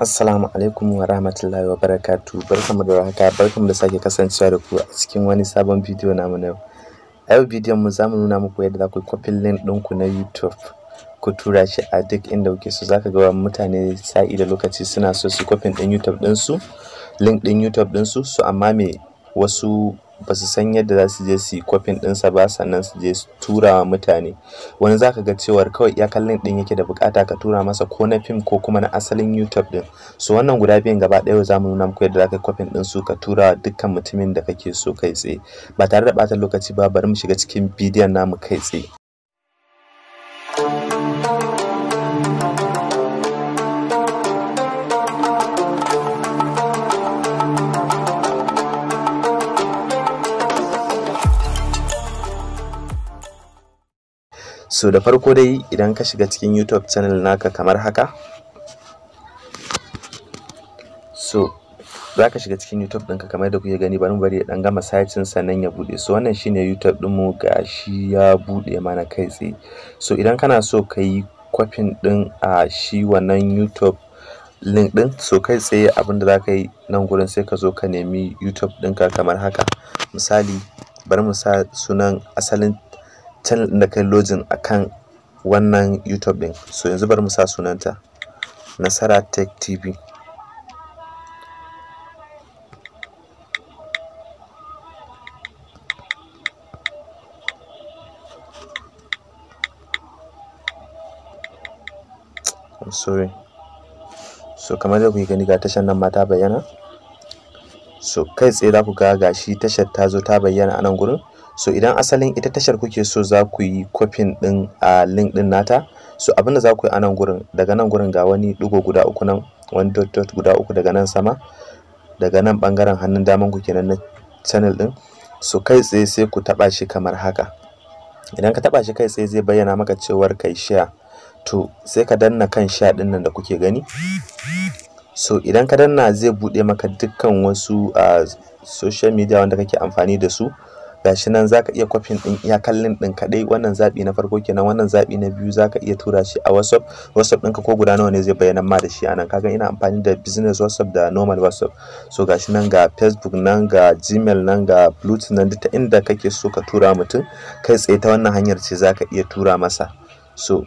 Assalamu alaikum wa rahmatullahi wa barakatu barkamu da haka barkamu da sake kasancewa da ku a cikin wani sabon bidiyo namu na yau a yau bidiyon mu zamu nuna muku yadda za ku kwafin link ku na YouTube ku tura shi a duk inda kuke so zaka ga mutane sa'i da lokaci suna so su copy ɗin YouTube ɗinsu link ɗin YouTube ɗinsu so amma me wasu ba su san yadda za su je su yi kwafin ɗinsa ba sannan su je su tura wa mutane wani za ka ga cewar kawai ya kallon ɗin yake da bukata ka tura masa ko na fim ko kuma na asalin youtube ɗin so wannan guda biyan gaba ɗaya za mu nuna muku yadda za ka yi kwafin ɗin su ka tura wa dukkan mutumin da kake so kai tsaye ba tare da ɓata lokaci ba bari mu shiga cikin bidiyon namu kai tsaye so da farko dai idan ka shiga cikin youtube channel naka kamar haka so za ka shiga cikin youtube ɗinka kamar da kuke gani bari bari ya ɗan gama sayacin sannan ya bude? so wannan shine youtube mu ga shi ya bude mana kai tsaye so idan kana so ka yi kwafin ɗin a shi wannan youtube link ɗin so kai tsaye abinda za ka yi nan gurin sai ka zo ka nemi youtube ɗinka kamar haka misali bari mu sa sunan asalin channel din da kai login akan wannan YouTube din so yanzu bari mu sa sunanta Nasara Tech TV I'm sorry so kamar da kuke gani ga tashar nan ma ta bayyana so kai tsaye za ku ga gashi tashar ta zo ta bayyana a nan gurin so idan asalin ita tashar kuke so za ku yi kofin ɗin a link ɗin nata so abin da za ku yi a nan gurin daga nan gurin ga wani ɗigo guda uku nan wani dot dot guda uku daga nan sama daga nan ɓangaren hannun daman ku kenan na channel ɗin so kai tsaye sai ku taɓa shi kamar haka idan ka taɓa shi kai tsaye zai bayyana maka cewar kai share to sai ka danna kan sha ɗin nan da kuke gani so idan ka danna zai buɗe maka dukkan wasu a social media wanda kake amfani da su gashi nan zaka iya kwafin din iya kallin din kadai wannan zabi na farko kenan wannan zabi na biyu zaka iya tura shi a WhatsApp WhatsApp ɗinka ko guda nawa ne zai bayyana ma da shi anan kaga ina amfani da business WhatsApp da normal WhatsApp so gashi nan ga Facebook nan ga Gmail nan ga Bluetooth nan duk inda kake so ka tura mutum kai tsaye ta wannan hanyar ce zaka iya tura masa so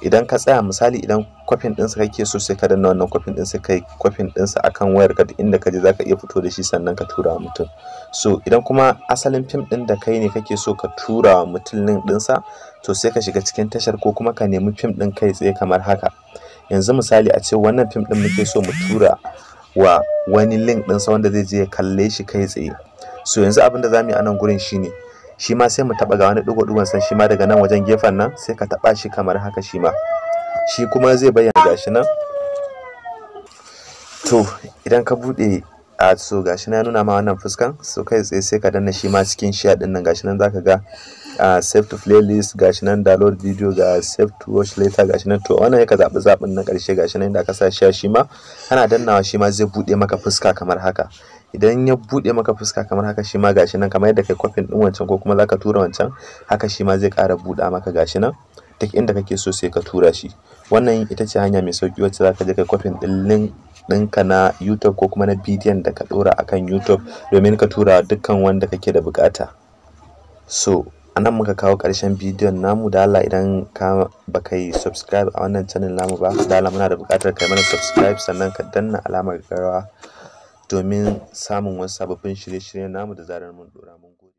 idan ka tsaya misali idan kwafin ɗinsa kake so sai ka danna wannan kwafin ɗinsa kai kwafin ɗinsa akan wayar ka inda ka je za ka iya fito da shi sannan ka tura wa mutum so idan kuma asalin fim ɗin da kai ne kake so ka tura wa mutum ɗin ɗinsa to sai ka shiga cikin tashar ko kuma ka nemi fim ɗin kai tsaye kamar haka yanzu misali a ce wannan fim ɗin muke so mu tura wa wani link ɗinsa wanda zai je ya kalle shi kai tsaye so yanzu abin da za mu yi a nan gurin shine shi ma sai mu taba ga wani dugo dugon san shi ma daga nan wajen gefen nan sai ka taba shi kamar haka shi ma shi kuma zai bayyana gashi nan to idan ka buɗe a so gashi na nuna ma wannan fuskan so kai tsaye sai ka danna shi ma cikin shi din nan gashi nan zaka ga a save to playlist gashi nan download video ga save to watch later gashi nan to wannan yaka zabi zabin na karshe gashi nan inda ka sa shi ma kana dannawa shi ma zai bude maka fuska kamar haka idan ya buɗe maka fuska kamar haka shi ma gashi nan kamar yadda kai kwafin ɗin wancan ko kuma zaka tura wancan haka shi ma zai ƙara buɗa maka gashi nan duk inda kake so sai ka tura shi wannan ita ce hanya mai sauki wacce zaka je kai kwafin ɗin link ɗinka na YouTube ko kuma na bidiyon da ka ɗora akan YouTube domin ka tura dukkan wanda kake da buƙata. So, a nan muka kawo ƙarshen bidiyon namu da Allah idan ka ba kai subscribe a wannan channel namu ba da Allah muna da buƙatar kai mana subscribe sannan ka danna alamar rawa. domin samun wasu sababbin shirye-shiryen namu da zarar mun ɗora. Mun gode.